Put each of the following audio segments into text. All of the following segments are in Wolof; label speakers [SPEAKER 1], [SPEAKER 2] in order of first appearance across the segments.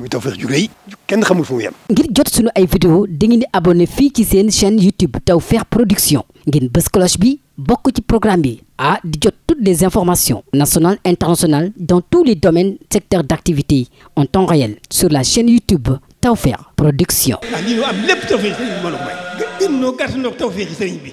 [SPEAKER 1] muy kenn xamul fu mu
[SPEAKER 2] ngir jot sunu ay vidéo dangeen di abonné fii ci seen chaîne YouTube Tawfekh Production ngeen bës bi bokk ci programme bi ah di jot toutes les informations nationales internationales dans tous les domaines secteurs d'activité en temps réel sur la chaîne YouTube Tawfekh Production.
[SPEAKER 3] ah lii ñu am lépp Tawfekh sëriñ bi mbooloo mooy. gën gën ñoo bi.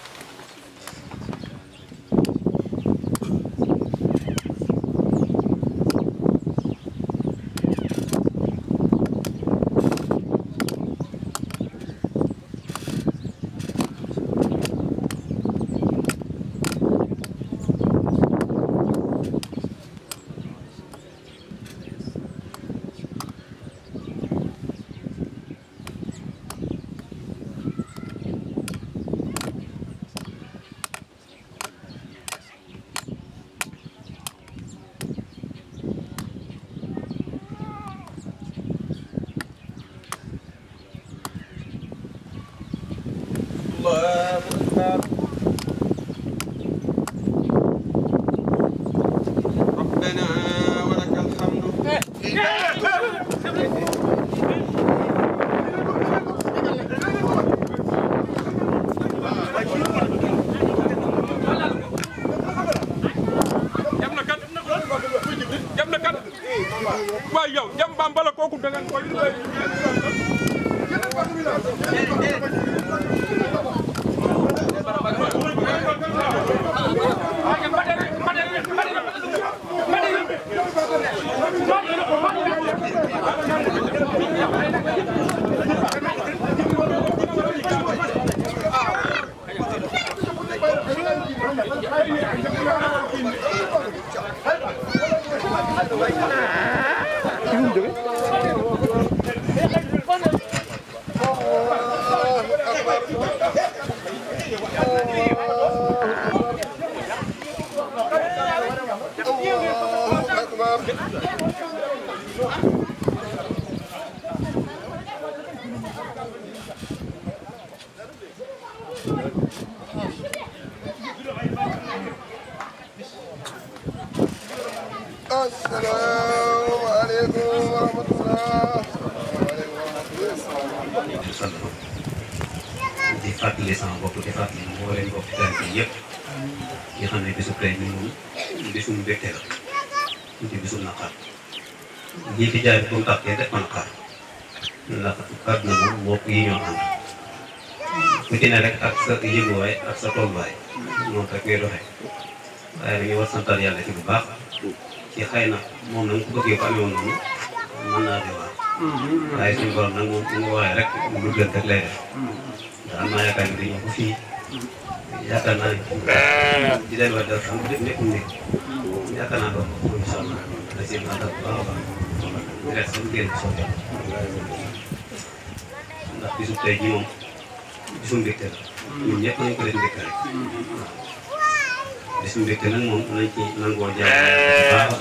[SPEAKER 1] Mari mari mari
[SPEAKER 2] di fàttali sama bopp di fàttali mbooleem bopp taal bi yëpp yoo xam ne bisu tey bi moom bisu mbégte la ci bisu naqar ñi fi jaay bu mu tàkkee def ko naqar ndax àdduna moom mbokk yi ñoo ànd ku ci ne rek ak sa yënguwaay ak sa tolluwaay moom rek ngay doxee waaye dañuy war santal yàlla ci bu baax ci xëy na moom nag ku bëggee ko amee woon noonu mën naa di wax waaye suñu borom nag moom mu rek lu gën rek lay def. naa yaakaar ne dañoo ko fii yaakaar naa di delluwaat nga nekkul nekk. yaakaar naa doon ko di leen soxla génn soxla. ndax bisu tey jii moom bisu mbégte la. ñun ñëpp nañu ko leen mbégte rek. bisu mbégte nag moom nañ ci nangoo jaay baax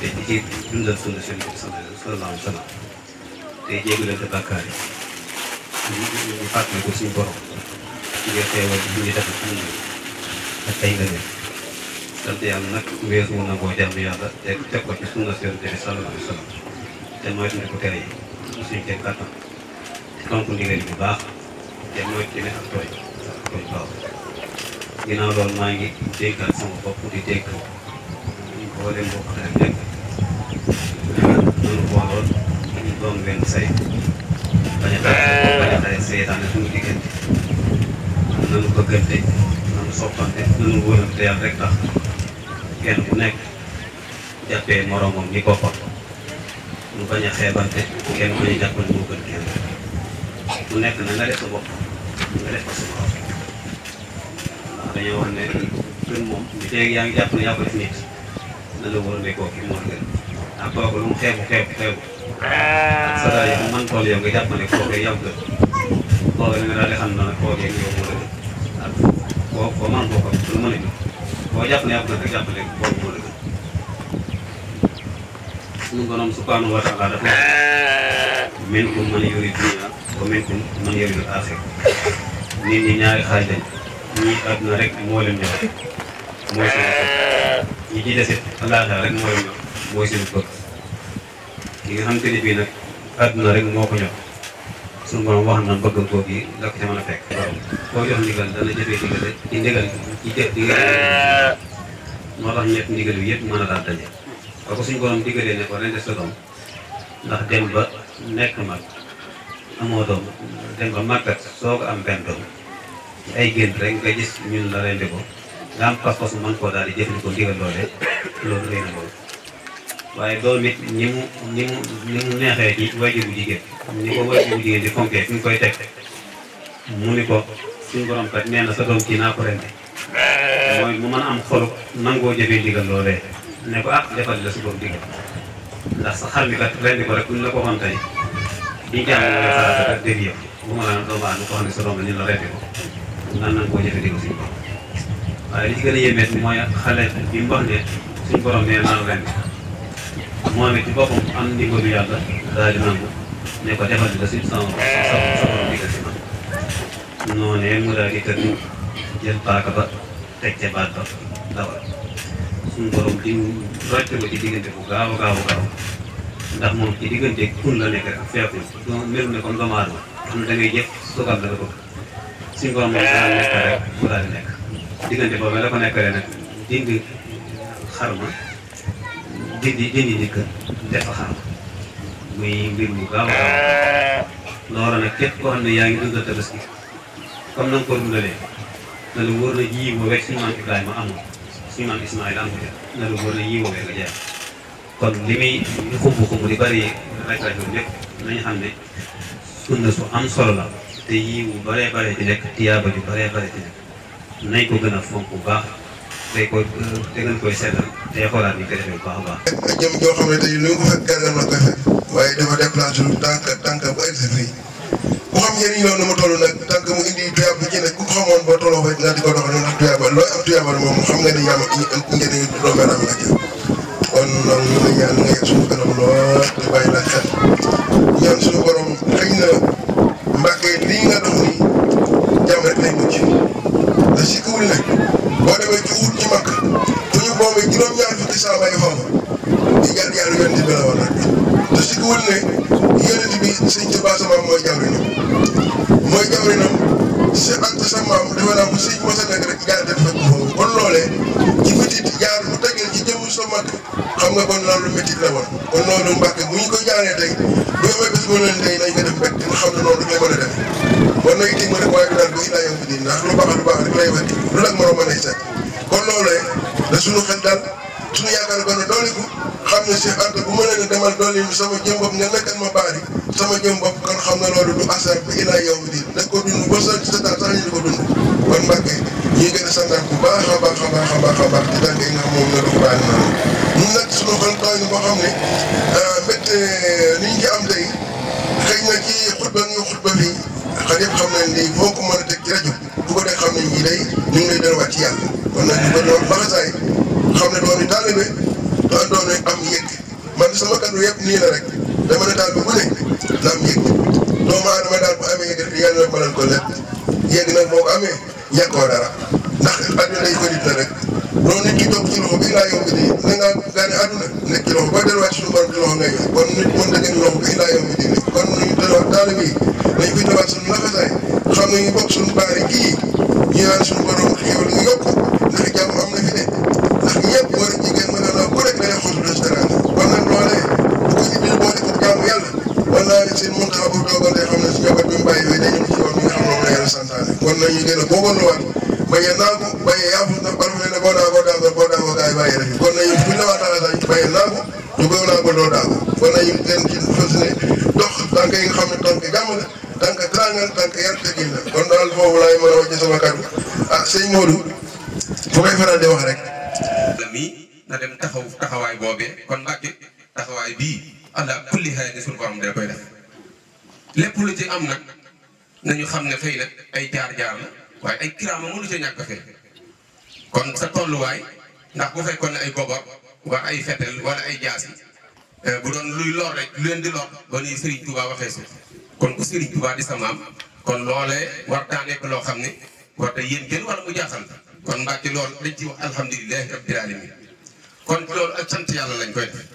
[SPEAKER 2] te di ci dundal sunna seen bopp sallallahu alayhi wa sallam te jégalante yi ñu ñu fàttali def ci ñun nga ne sant yàlla nag weesu wu nangoo jàmm yàlla te teg ko ko tere yi bu baax te moytu ci ne ak tooy ak tooy maa ngi déggal sama bopp di dégg loolu booloon ñu doon benn say bañ a bañ a xare seetaane suñu diggante nanu bëggante nanu soppante nanu wërante yàlla rek tax kenn ku nekk jàppee moromam ni boppam ñu bañ a xeebante kenn bañ a jàppal moo gën nga def ko sa borom ndax dañoo wax ne gën moom bi teeg yaa ngi jàpp ne yaa nit na la wër ne kooku moo gën ndax kooku lu mu xeebu xeebu xeebu. sa daal yi man tool yow nga jàpp ne kooku yow la kooku da nga man koo ko lu mën a gën koo jàpp ne yow nag jàpp ne kooku moo la gën. suñu borom subhanahu man yuridu dunya wa minkum man yuridu al-axira nit ñi ñaari xaaj lañ ñii àdduna moo leen ñor mooy seen ñi ci desit rek moo leen ñor mooy seen bëgg ki nga xamante ni bii nag àdduna rek moo ko ñor suñu borom wax na bëggam koo gi la ko ca mën a fekk. koo jox ndigal dana ndigal rek ci ndigal ci jëf ndigal moo tax a daal daje. ba ko suñu borom ne ko ren de sa doom ndax dem ba nekk mag amoo doom dem ba màggat soo ko am benn doom ay gént rek nga gis ñun la rendi ko nga am pas-pas mën koo daal di jëfandikoo ndigal loolee loolu rëy na loolu. waaye doon nit ñi mu ñi mu ñi mu neexee ci wajur bu jigéen ko wajur bu jigéen ñu koy teg mu ni ko suñu borom nee na sa naa ko rendi mooy mu am xolu nangoo jëfee ndigal loolee ne ko ah defal la su borom ko rek buñ la ko am nga bu ma la ko waaye li ci gën a yéemeet mooy xale bi mu ne suñu borom nee naa la rendi moom it boppam am ndimbalu yàlla daal di nangu ne ko defal la si sama sama ndigal si man di tëdd jël paaka ba teg ca ba ko ci diggante bu gaaw a gaaw a gaaw ndax moom ci diggante kun la nekk ak feekul mel ne kon doomu aadama xam da ngay jëf sugal la ko suñu borom moom daan nekk rek mu daal di nekk diggante boobu la ko nekkalee nag dindi xarma jëndi jëndi di kër defa xar muy mbir mu gaaw a eh. loolu nag képp koo xam ne yaa ngi dundal tabaski comme na nga ko dundalee na lu wóor na yii woo wekk suñu maam Ibrahima amul suñu maam Ismaïla amul na lu wóor na yii woo wekk nga jaay kon li muy xumb xumb di bëri rek rajo lépp nañu xam ne sunna su am solo la te yii wu bëree bëree ci nekk tiyaaba ju bëree bëree ci nekk nañ ko gën a fonk bu baax te ko te gën koy seetal dañuy xoolaat a baax.
[SPEAKER 1] ak jëm joo xam ne tey lu mu fekk gàllankoor la ko fekk waaye dafa déplacé lu tànk tànk ba egg si fii ku xam njëriñ loolu nu ma toll nag tànk mu indi tuyaab bi ci ne ku xamoon ba tolloo fa dinaa di ko doxal ndax tuyaaba looy am tuyaaba moom xam nga ne yaa ma njëriñ doomu aadama ak yow kon loolu ñu ngi ñaan nga yegg suñu kanam lool te bàyyi la xel ñaan suñu saa bañ a faamu di gàtt yàlla yonent bi la war a te su ko wër ne yonent bi sëñ Tuubaa sama mooy jawriñam mooy jawriñam sa ak sa maam defe naa bu sëñ mos a nekk rek jaaree def fekk foofu kon loolee ci métit jaar bu teggeel ci jëmm sa mag xam nga kon loolu métit la woon kon loolu Mbàkke bu ñu ko jaaree tey bu amee bés bu leen tey nañ ko def fekk nga xam ne noonu du ñu mën a def kon nag itam ma ne waaye du daal ba ilaa yow bi nii ndax lu baax lu baax rek lay wati lu nag moroom ma nay seet kon loolee da suñu xel daal. suñu yaakaar gone dooliku xam ne si Anta bu ma nee demal dooli mi sama jëm bopp nga nekkat ma baari sama jëm bopp kon xam na loolu du asar ba ilaa yow di dañ ko dund ba sa sa taal sax ñu di ko dund kon Mbàkke ñu ngi gën a santaat bu baax a baax a baax a baax a baax ci tànk yi nga xam moom la dox baal naa boo xam ne euh, mbégte ni euh, ñu am tey wannan yi ne na gogon ruwan bayan naku bayan ya futa barbe na goda goda goda goda goda ya bayan rafi wannan yi fi lawa tara zai bayan naku to goyo na godo da ko wannan yi ten ci fas ne dox tanka yi nga xam ne tanka jàmm la tanka tàngal tanka yar tëggi la kon daal foofu laay mën a wàcce sama kàddu ah sëñ Modou fu koy faral di wax rek mi na dem taxaw taxawaay boobee kon Mbàkke
[SPEAKER 3] taxawaay bii ala kulli xaal ni suñu borom da koy def lépp lu ci am nag nañu xam ne xëy na ay jaar-jaar la waaye ay kiraama mënu ca ñàkk fe kon sa tolluwaay ndax bu fekkoon ne ay gobor wala ay fetel wala ay jaasi eh, bu doon luy lor rek lu leen di lor ba nuy Serigne Touba waxee suuf kon ku Serigne Touba di sa maam kon loolee war taa nekk loo xam ne war te yéen kenn wala mu jaaxal kon mbàkki loolu dañ ci wax alhamdulilahi rabbil alamin kon loolu ak sant yàlla lañ koy def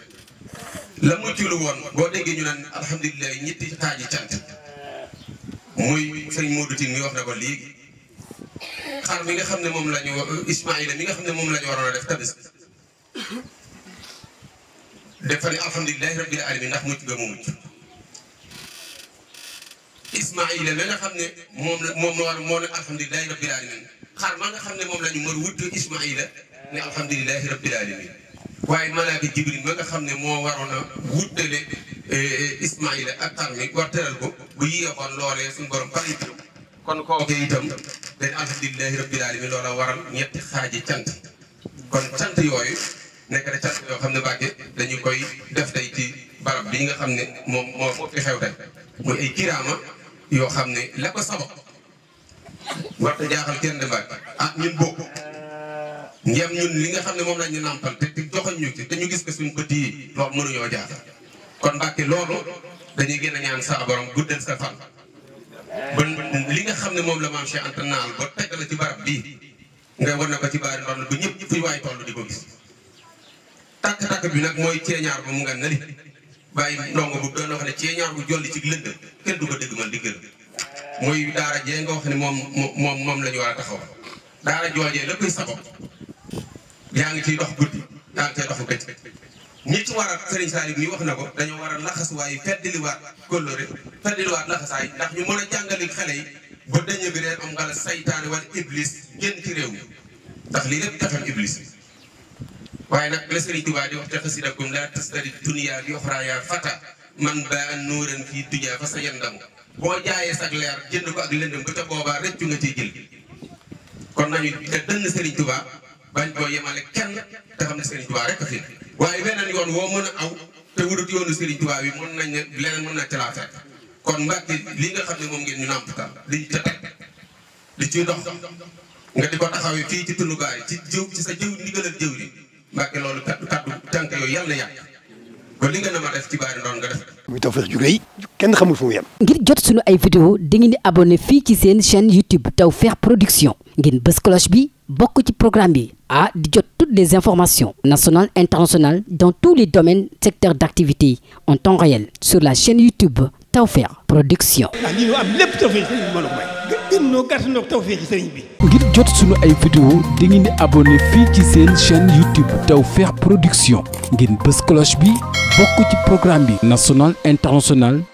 [SPEAKER 3] la mucc lu woon boo déggee ñu naan alhamdulilah ñetti muy sëñ Modou Tine wax na ko léegi xar mi nga xam ne moom la ñu euh, Ismaïla mi nga xam ne moom la ñu waroon a def tabaski dafa ne alhamdulilahi rabbil alamin ndax mucc ba mu mucc Ismaïla la nga xam ne moom moom moo ne alhamdulilahi rabbil alamin xar ma nga xam ne moom lañu mooy mën wut Ismaïla ne alhamdulilahi rabbil alamin waaye malaaka jibril ba nga xam ne moo waroon a wuddale eh, ismaila ak tarmi war teral ko bu yéexoon loolee suñu borom pare itam kon ko itam dañ alhamdulilahi rabbil alamin loola waral ñetti xaaji cant kon cant yooyu nekk na cant yoo xam ne Mbàkke dañu koy def tey ci barab bi nga xam ne moom moo moo fi xew tey muy ay kiraama yoo xam ne la ko sabab warta jaaxal kenn de Mbàkke ah ñun bokk ngem ñun li nga xam ne moom la ñu nàmpal te te joxoñ ñu ci te ñu gis ko suñu bët yi loolu mënuñoo jaar kon Mbàkke loolu dañuy gën a ñaan sa borom guddal sa fan ba li nga xam ne moom la maam Cheikh Anta naal ba teg la ci barab bii nga war na ko ci baari ndox bu ñu waay toll di ko gis tàkk bi nag mooy ceeñaar ba mu nga nali bàyyi ndongo bu doon wax ne ceeñaar bu jolli ci lënd ko dégg man di gër mooy daara jee nga wax ne moom moom moom la ñu war a taxaw daara joojee la koy sabab yaa ngi ci dox guddi yaa ngi ciy dox bëccëg ñi ci sëriñ Saliou mi wax na ko dañoo war a laxasuwaay feddiliwaat kóllëre feddiliwaat laxasaay ndax ñu mën a jàngale xale yi ba dañu bi reer am ngala saytaane wala iblis génn ci réew mi ndax lii lépp pexem iblis bi waaye nag la sëriñ Tuubaa di wax te xasidakum laa tastari dunya bi uxraa yaa fata man baa nuuran fii dunya fa sa yendamu boo jaayee sag leer jënd ko ak lëndëm ba ca boobaa rëccu nga ciy jël kon nañu te dënn sëriñ Tuubaa bañ boo yemale kenn te xam ne Serigne Touba rek a fi waaye beneen yoon woo mën a aw te wutut yoonu Serigne Touba bi mën nañ leneen mën na ca laa fekk kon Mbàkke li nga xam ne moom ngeen ñu nàmpatal di ca teg di ci dox nga di ko taxawee fii ci tund ci jëw sa jëw ndigal ak jëw li Mbàkke loolu kaddu kaddu tànk yooyu yàlla yàq ba li nga na ma def ci baari ndoon nga
[SPEAKER 1] def. muy Tawfekh ju rëy kenn xamul fu mu yem.
[SPEAKER 2] ngir jot sunu ay vidéo dangeen di abonné fii ci seen chaîne YouTube Tawfekh Production ngeen bës bi. bokk ci programme bi ah di jot toutes les informations nationales internationales dans tous les domaines secteurs d'activité en temps réel sur la chaîne YouTube Tawfekh Production. ah lii am lépp ngir jot sunu ay vidéo di ngeen di abonné fii ci seen chaîne YouTube Tawfekh Production ngeen bës cloche bi bokk ci programme bi national international.